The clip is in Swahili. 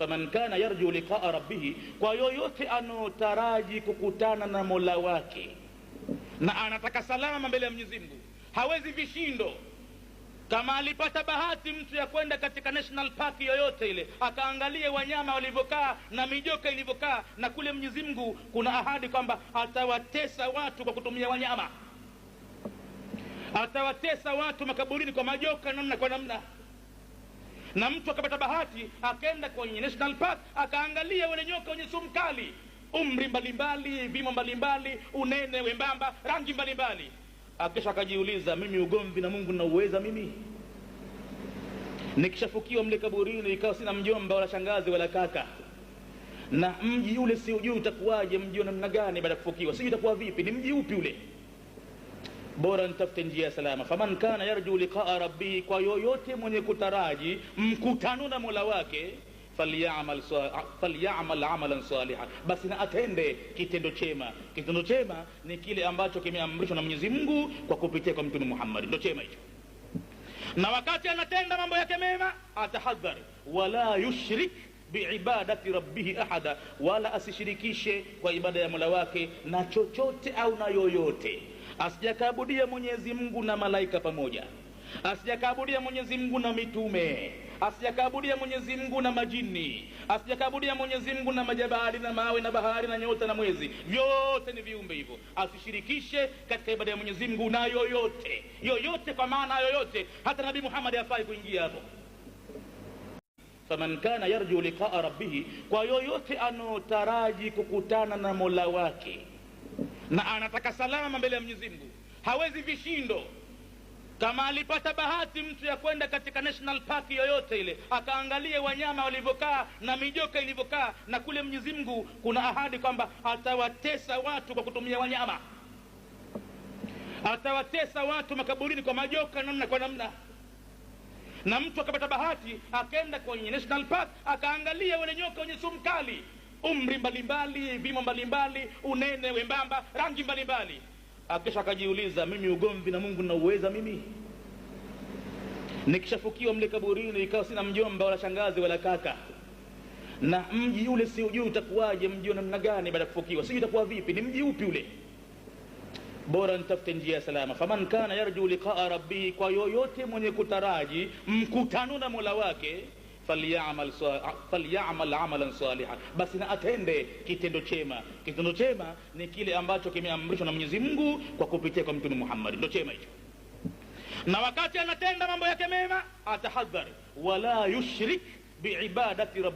faman kana yarju liqaa rabbihi, kwa yoyote anaotaraji kukutana na mola wake na anataka salama mbele ya Mwenyezi Mungu, hawezi vishindo. Kama alipata bahati mtu ya kwenda katika national park yoyote ile, akaangalie wanyama walivyokaa na mijoka ilivyokaa, na kule Mwenyezi Mungu kuna ahadi kwamba atawatesa watu kwa kutumia wanyama, atawatesa watu makaburini kwa majoka namna kwa namna na mtu akapata bahati akaenda kwenye national park akaangalia wale nyoka wenye sumu kali, umri mbalimbali, vimo mbalimbali, unene wembamba, rangi mbalimbali, akisha akajiuliza, mimi ugomvi na Mungu nauweza mimi? Nikishafukiwa mle kaburini, ikawa sina mjomba wala shangazi wala kaka na mji ule siujui utakuwaje, mji wa namna gani baada ya kufukiwa, sijui utakuwa vipi, ni mji upi ule? bora nitafute njia ya salama. Faman kana yarju liqaa rabbihi, kwa yoyote mwenye kutaraji mkutano na mola wake falyamal falyamal amalan saliha, basi na atende kitendo chema. Kitendo chema ni kile ambacho kimeamrishwa na Mwenyezi Mungu kwa kupitia kwa Mtume Muhammad, ndio chema hicho. Na wakati anatenda mambo yake mema atahadhari, wala yushrik biibadati rabbihi ahada, wala asishirikishe kwa ibada ya mola wake na chochote au na yoyote. Asijakaabudia Mwenyezi Mungu na malaika pamoja, asijakaabudia Mwenyezi Mungu na mitume, asijakaabudia Mwenyezi Mungu na majini, asijakaabudia Mwenyezi Mungu na majabali na mawe na bahari na nyota na mwezi. Vyote ni viumbe hivyo, asishirikishe katika ibada ya Mwenyezi Mungu na yoyote yoyote, kwa maana yoyote. Hata Nabii Muhammad hafai kuingia hapo faman kana yarju liqaa rabbihi, kwa yoyote anaotaraji kukutana na mola wake na anataka salama mbele ya Mwenyezi Mungu, hawezi vishindo. Kama alipata bahati mtu ya kwenda katika national park yoyote ile, akaangalie wanyama walivyokaa na mijoka ilivyokaa, na kule Mwenyezi Mungu kuna ahadi kwamba atawatesa watu kwa kutumia wanyama, atawatesa watu makaburini kwa majoka namna kwa namna na mtu akapata bahati akaenda kwenye national park akaangalia wale nyoka wenye sumu kali, umri mbalimbali, vimo mbalimbali, unene wembamba, rangi mbalimbali, akisha akajiuliza, mimi ugomvi na Mungu nauweza mimi? Nikishafukiwa mle kaburini, ikawa sina mjomba wala shangazi wala kaka na mji ule siujui utakuwaje, mji wa namna gani baada ya kufukiwa, sijui utakuwa vipi, ni mji upi ule? bora nitafute njia ya salama. Faman kana yarju liqaa rabbihi, kwa yoyote mwenye kutaraji mkutano na mola wake falyamal falyamal amalan salihan, basi na atende kitendo chema. Kitendo chema ni kile ambacho kimeamrishwa na Mwenyezi Mungu kwa kupitia kwa Mtume Muhammad, ndio chema hicho. Na wakati anatenda mambo yake mema atahadhari, wala yushrik biibadati rabbi